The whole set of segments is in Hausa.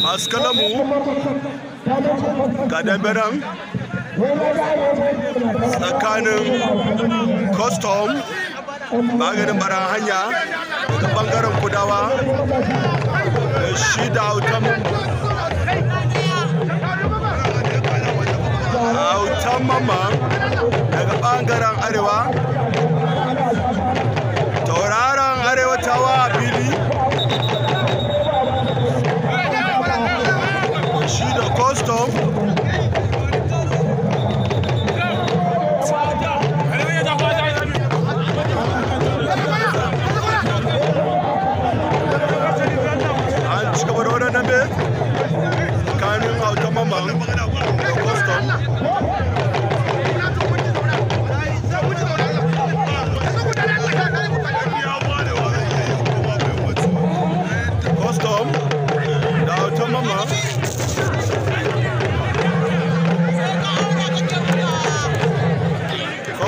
masu kalamu tsakanin custom maganin hanya daga bangaren kudawa da mama daga bangaren arewa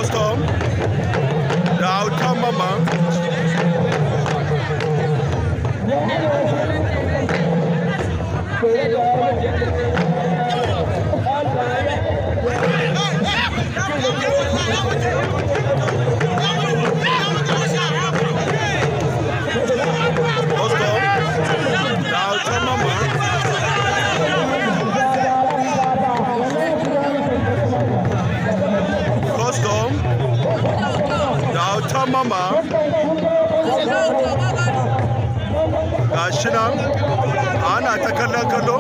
Ostom, the man. ana ta kallon kallo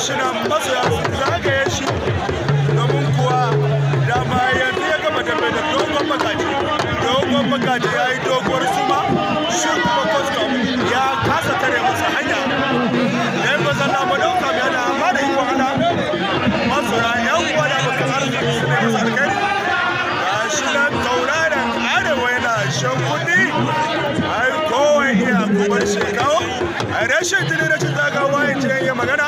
shi na masoya sun zagaye shi domin kuwa dama yanzu ya gama da da dogon makaji dogon makaji ya yi doguwar suma shi kuma custom ya kasa tare masa hanya da yin bazan na madauka mai ana amma da yi wahala masoya yan kuwa da baka arziki su ne masa A shi na tauraron arewa yana shan kuɗi ai kowai iya gobar shekawo a rashin tuni rashin zagawa ya ce ya magana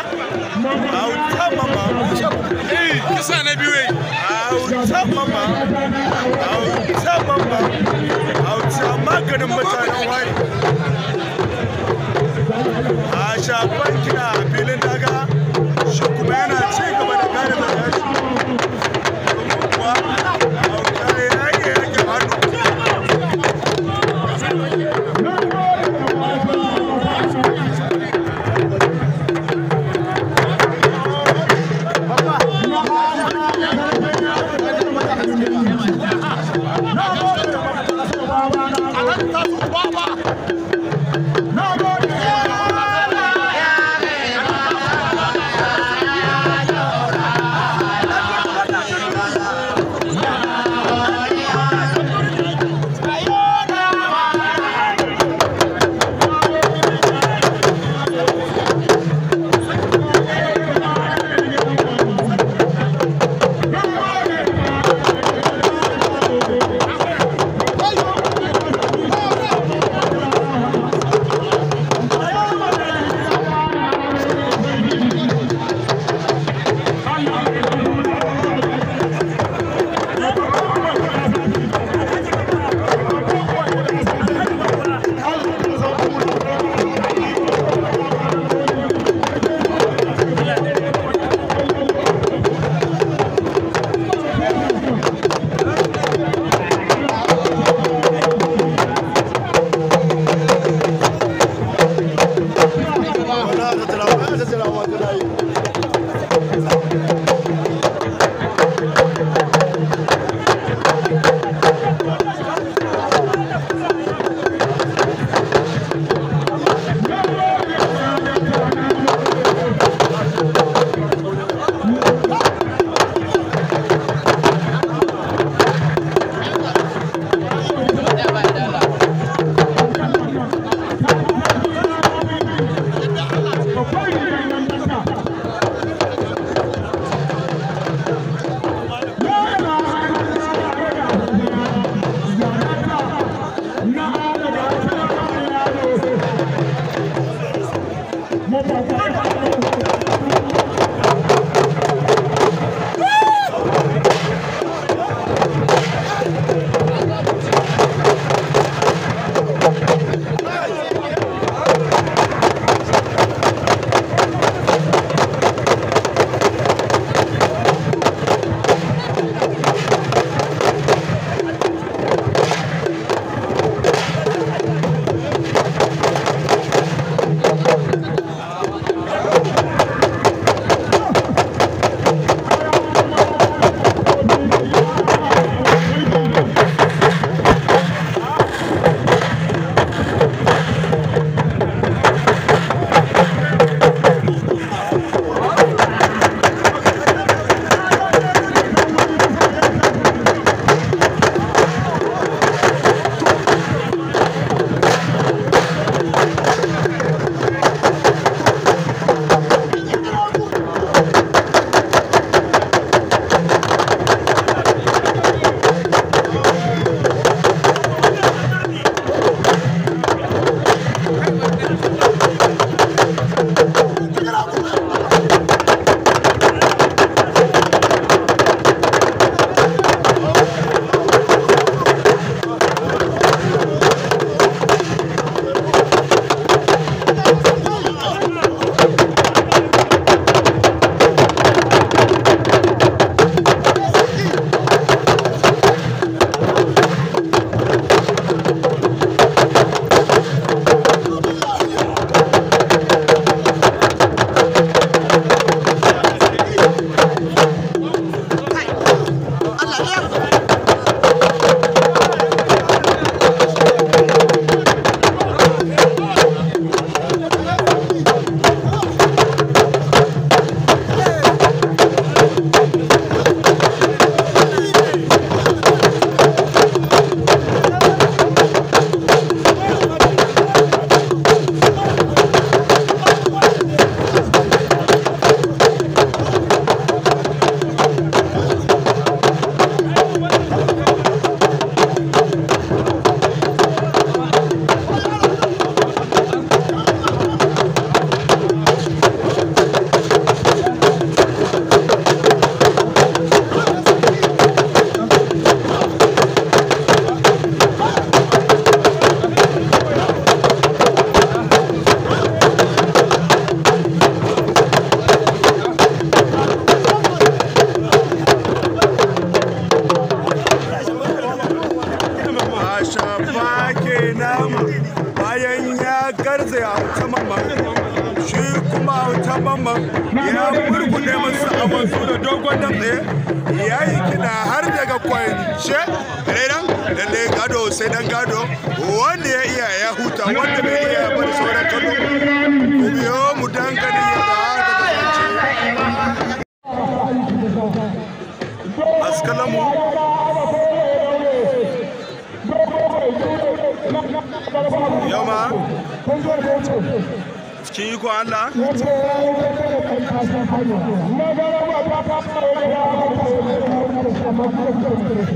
dukkanin mutanen wari namu bayan ya garzaya a wuce mamman shi kuma a wuce mamman ya burbuɗe masu awansu da dogon tsaye ya yi kiɗa har daga kwance renan lalle gado sai dan gado wanda ya iya ya huta wanda bai iya bar sauran kallo mu biyo mu dangane ba cikin iko Allah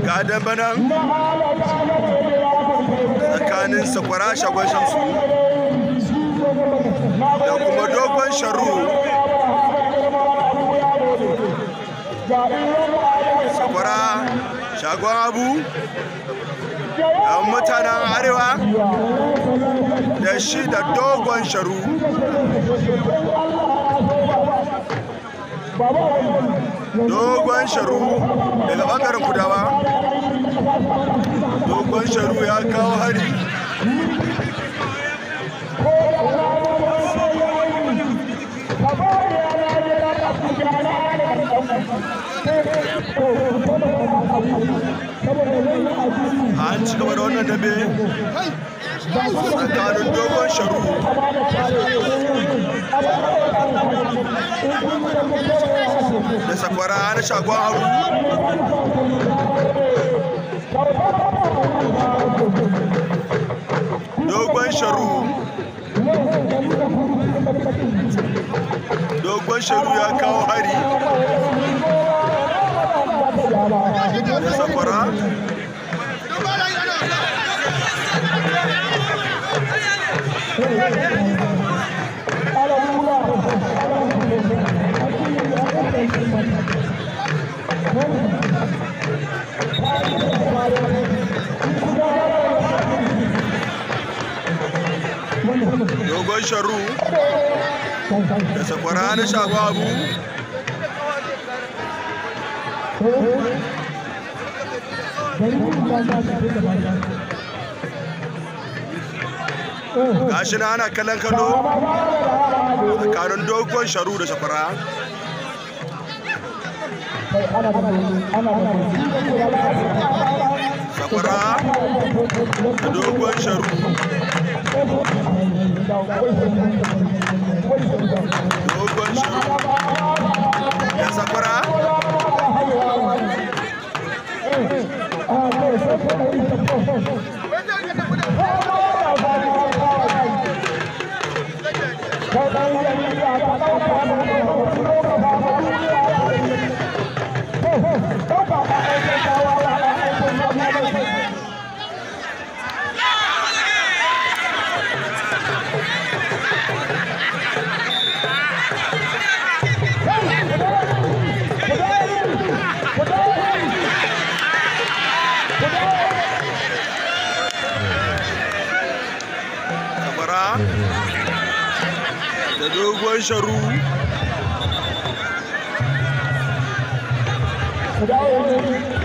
ga damba nan tsakanin sakwara shagon shamsu da kuma dogon sharu sakwara shagon abu mutanen arewa da shi da dogon sharu dogon sharu daga bangaren kudawa dogon sharu ya kawo hari Thank you. an ci gaba da wannan dabe tsakanin dogon sharu da sakwara na shagon haru dogon sharu dogon sharu ya kawo hari na sakwara dogon sharu da sakwara na shagwabu gashi na ana kallon kallo tsakanin dogon sharu da shafara shafara da dogon sharu dogon sharu da shafara Go, go, go, go, go. da dogon sharu Thank you.